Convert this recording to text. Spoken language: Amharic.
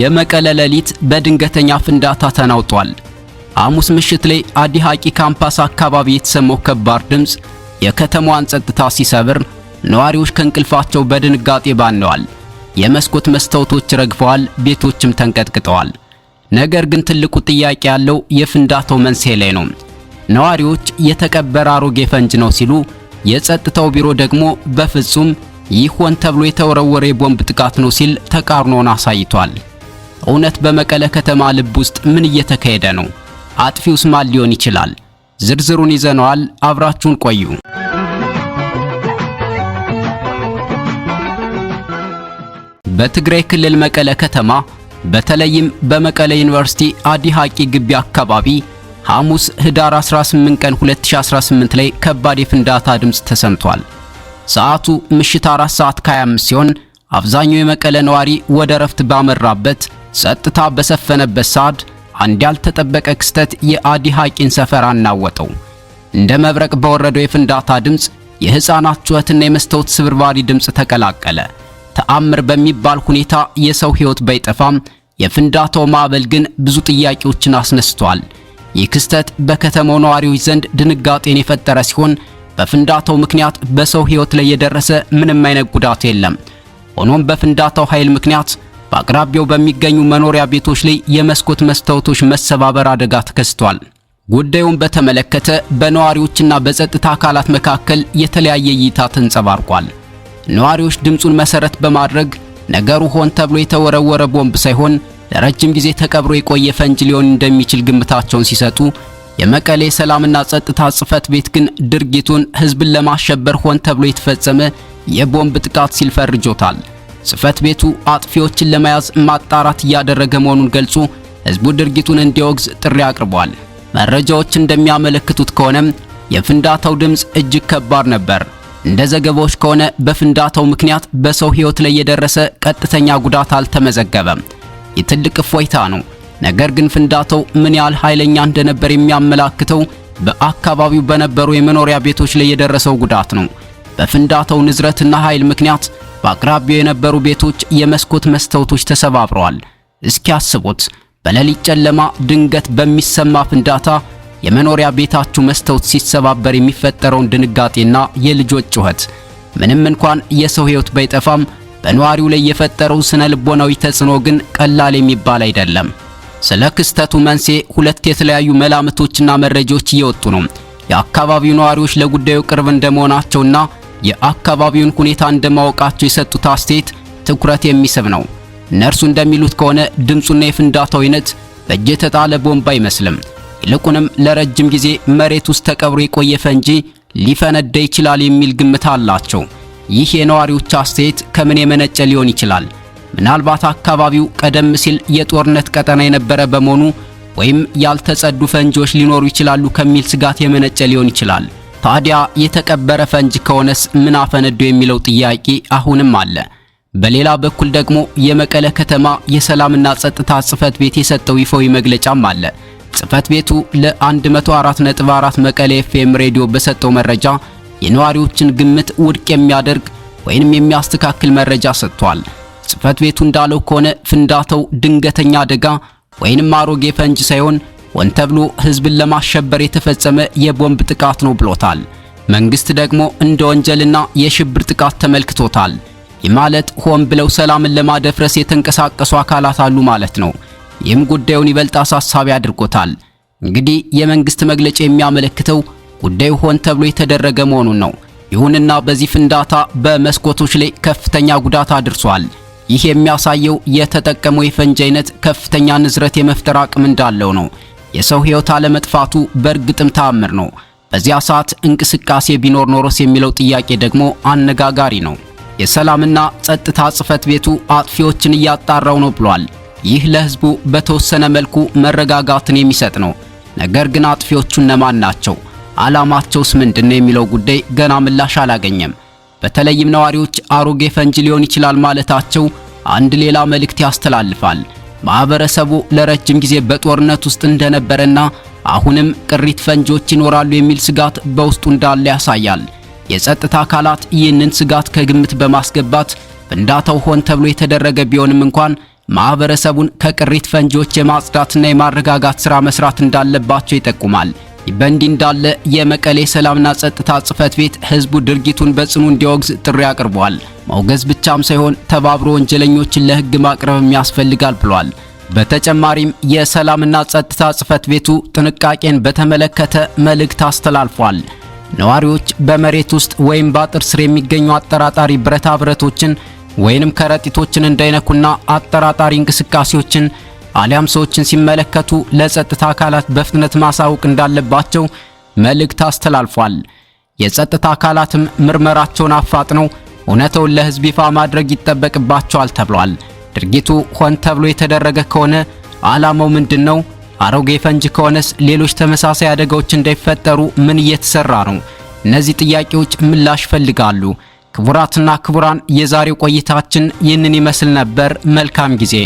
የመቀለ ሌሊት በድንገተኛ ፍንዳታ ተናውጧል። ሐሙስ ምሽት ላይ አዲ ሐቂ ካምፓስ አካባቢ የተሰማው ከባድ ድምፅ የከተማዋን ጸጥታ ሲሰብር ነዋሪዎች ከእንቅልፋቸው በድንጋጤ ባነዋል። የመስኮት መስታወቶች ረግፈዋል፣ ቤቶችም ተንቀጥቅጠዋል። ነገር ግን ትልቁ ጥያቄ ያለው የፍንዳታው መንስኤ ላይ ነው። ነዋሪዎች የተቀበረ አሮጌ ፈንጅ ነው ሲሉ፣ የጸጥታው ቢሮ ደግሞ በፍጹም ይህ ሆን ተብሎ የተወረወረ የቦምብ ጥቃት ነው ሲል ተቃርኖን አሳይቷል። እውነት በመቀለ ከተማ ልብ ውስጥ ምን እየተካሄደ ነው? አጥፊውስ ማን ሊሆን ይችላል? ዝርዝሩን ይዘነዋል። አብራችሁን ቆዩ። በትግራይ ክልል መቀለ ከተማ በተለይም በመቀለ ዩኒቨርሲቲ አዲ ሐቂ ግቢ አካባቢ ሐሙስ ህዳር 18 ቀን 2018 ላይ ከባድ የፍንዳታ ድምፅ ተሰምቷል። ሰዓቱ ምሽት 4 ሰዓት ከ25 ሲሆን አብዛኛው የመቀለ ነዋሪ ወደ እረፍት ባመራበት ጸጥታ በሰፈነበት ሰዓት አንድ ያልተጠበቀ ክስተት የአዲ ሐቂን ሰፈር አናወጠው። እንደ መብረቅ በወረደው የፍንዳታ ድምፅ የሕፃናት ጩኸትና የመስታወት ስብርባሪ ድምፅ ተቀላቀለ። ተአምር በሚባል ሁኔታ የሰው ሕይወት ባይጠፋም የፍንዳታው ማዕበል ግን ብዙ ጥያቄዎችን አስነስቷል። ይህ ክስተት በከተማው ነዋሪዎች ዘንድ ድንጋጤን የፈጠረ ሲሆን በፍንዳታው ምክንያት በሰው ሕይወት ላይ የደረሰ ምንም አይነት ጉዳት የለም። ሆኖም በፍንዳታው ኃይል ምክንያት በአቅራቢያው በሚገኙ መኖሪያ ቤቶች ላይ የመስኮት መስታወቶች መሰባበር አደጋ ተከስቷል። ጉዳዩን በተመለከተ በነዋሪዎችና በጸጥታ አካላት መካከል የተለያየ እይታ ተንጸባርቋል። ነዋሪዎች ድምፁን መሰረት በማድረግ ነገሩ ሆን ተብሎ የተወረወረ ቦምብ ሳይሆን ለረጅም ጊዜ ተቀብሮ የቆየ ፈንጅ ሊሆን እንደሚችል ግምታቸውን ሲሰጡ፣ የመቀሌ ሰላምና ጸጥታ ጽህፈት ቤት ግን ድርጊቱን ህዝብን ለማሸበር ሆን ተብሎ የተፈጸመ የቦምብ ጥቃት ሲል ፈርጆታል። ጽህፈት ቤቱ አጥፊዎችን ለመያዝ ማጣራት እያደረገ መሆኑን ገልጾ ህዝቡ ድርጊቱን እንዲወግዝ ጥሪ አቅርቧል። መረጃዎች እንደሚያመለክቱት ከሆነም የፍንዳታው ድምፅ እጅግ ከባድ ነበር። እንደ ዘገባዎች ከሆነ በፍንዳታው ምክንያት በሰው ህይወት ላይ የደረሰ ቀጥተኛ ጉዳት አልተመዘገበም። የትልቅ እፎይታ ነው። ነገር ግን ፍንዳታው ምን ያህል ኃይለኛ እንደነበር የሚያመላክተው በአካባቢው በነበሩ የመኖሪያ ቤቶች ላይ የደረሰው ጉዳት ነው። በፍንዳታው ንዝረትና ኃይል ምክንያት በአቅራቢያው የነበሩ ቤቶች የመስኮት መስታወቶች ተሰባብረዋል። እስኪ አስቡት፣ በሌሊት ጨለማ ድንገት በሚሰማ ፍንዳታ የመኖሪያ ቤታችሁ መስታወት ሲሰባበር የሚፈጠረውን ድንጋጤና የልጆች ጩኸት። ምንም እንኳን የሰው ሕይወት ባይጠፋም በነዋሪው ላይ የፈጠረው ስነ ልቦናዊ ተጽዕኖ ግን ቀላል የሚባል አይደለም። ስለ ክስተቱ መንስኤ ሁለት የተለያዩ መላምቶችና መረጃዎች እየወጡ ነው። የአካባቢው ነዋሪዎች ለጉዳዩ ቅርብ እንደመሆናቸውና የአካባቢውን ሁኔታ እንደማወቃቸው የሰጡት አስተያየት ትኩረት የሚስብ ነው። እነርሱ እንደሚሉት ከሆነ ድምፁና የፍንዳታው አይነት በእጅ የተጣለ ቦምብ አይመስልም። ይልቁንም ለረጅም ጊዜ መሬት ውስጥ ተቀብሮ የቆየ ፈንጂ ሊፈነዳ ይችላል የሚል ግምት አላቸው። ይህ የነዋሪዎች አስተያየት ከምን የመነጨ ሊሆን ይችላል? ምናልባት አካባቢው ቀደም ሲል የጦርነት ቀጠና የነበረ በመሆኑ ወይም ያልተጸዱ ፈንጂዎች ሊኖሩ ይችላሉ ከሚል ስጋት የመነጨ ሊሆን ይችላል። ታዲያ የተቀበረ ፈንጅ ከሆነስ ምን አፈነዶ የሚለው ጥያቄ አሁንም አለ። በሌላ በኩል ደግሞ የመቀለ ከተማ የሰላምና ጸጥታ ጽህፈት ቤት የሰጠው ይፋዊ መግለጫም አለ። ጽህፈት ቤቱ ለ104.4 መቀለ ኤፍኤም ሬዲዮ በሰጠው መረጃ የነዋሪዎችን ግምት ውድቅ የሚያደርግ ወይንም የሚያስተካክል መረጃ ሰጥቷል። ጽህፈት ቤቱ እንዳለው ከሆነ ፍንዳታው ድንገተኛ አደጋ ወይንም አሮጌ ፈንጅ ሳይሆን ሆን ተብሎ ህዝብን ለማሸበር የተፈጸመ የቦምብ ጥቃት ነው ብሎታል። መንግስት ደግሞ እንደ ወንጀልና የሽብር ጥቃት ተመልክቶታል። ይህ ማለት ሆን ብለው ሰላምን ለማደፍረስ የተንቀሳቀሱ አካላት አሉ ማለት ነው። ይህም ጉዳዩን ይበልጥ አሳሳቢ አድርጎታል። እንግዲህ የመንግስት መግለጫ የሚያመለክተው ጉዳዩ ሆን ተብሎ የተደረገ መሆኑን ነው። ይሁንና በዚህ ፍንዳታ በመስኮቶች ላይ ከፍተኛ ጉዳት አድርሷል። ይህ የሚያሳየው የተጠቀመው የፈንጅ አይነት ከፍተኛ ንዝረት የመፍጠር አቅም እንዳለው ነው። የሰው ሕይወት አለመጥፋቱ በእርግጥም ተአምር ነው። በዚያ ሰዓት እንቅስቃሴ ቢኖር ኖሮስ የሚለው ጥያቄ ደግሞ አነጋጋሪ ነው። የሰላምና ጸጥታ ጽሕፈት ቤቱ አጥፊዎችን እያጣራው ነው ብሏል። ይህ ለሕዝቡ በተወሰነ መልኩ መረጋጋትን የሚሰጥ ነው። ነገር ግን አጥፊዎቹ እነማን ናቸው? ዓላማቸውስ ምንድን ነው የሚለው ጉዳይ ገና ምላሽ አላገኘም። በተለይም ነዋሪዎች አሮጌ ፈንጅ ሊሆን ይችላል ማለታቸው አንድ ሌላ መልእክት ያስተላልፋል። ማህበረሰቡ ለረጅም ጊዜ በጦርነት ውስጥ እንደነበረና አሁንም ቅሪት ፈንጂዎች ይኖራሉ የሚል ስጋት በውስጡ እንዳለ ያሳያል። የጸጥታ አካላት ይህንን ስጋት ከግምት በማስገባት ፍንዳታው ሆን ተብሎ የተደረገ ቢሆንም እንኳን ማህበረሰቡን ከቅሪት ፈንጂዎች የማጽዳትና የማረጋጋት ሥራ መስራት እንዳለባቸው ይጠቁማል። በእንዲህ እንዳለ የመቀሌ ሰላምና ጸጥታ ጽህፈት ቤት ህዝቡ ድርጊቱን በጽኑ እንዲወግዝ ጥሪ አቅርቧል። ማውገዝ ብቻም ሳይሆን ተባብሮ ወንጀለኞችን ለህግ ማቅረብም ያስፈልጋል ብሏል። በተጨማሪም የሰላምና ጸጥታ ጽህፈት ቤቱ ጥንቃቄን በተመለከተ መልእክት አስተላልፏል። ነዋሪዎች በመሬት ውስጥ ወይም በአጥር ስር የሚገኙ አጠራጣሪ ብረታ ብረቶችን ወይንም ከረጢቶችን እንዳይነኩና አጠራጣሪ እንቅስቃሴዎችን አሊያም ሰዎችን ሲመለከቱ ለጸጥታ አካላት በፍጥነት ማሳወቅ እንዳለባቸው መልእክት አስተላልፏል። የጸጥታ አካላትም ምርመራቸውን አፋጥነው እውነተውን ለሕዝብ ይፋ ማድረግ ይጠበቅባቸዋል ተብሏል። ድርጊቱ ሆን ተብሎ የተደረገ ከሆነ ዓላማው ምንድን ነው? አሮጌ ፈንጅ ከሆነስ ሌሎች ተመሳሳይ አደጋዎች እንዳይፈጠሩ ምን እየተሰራ ነው? እነዚህ ጥያቄዎች ምላሽ ፈልጋሉ? ክቡራትና ክቡራን፣ የዛሬው ቆይታችን ይህንን ይመስል ነበር። መልካም ጊዜ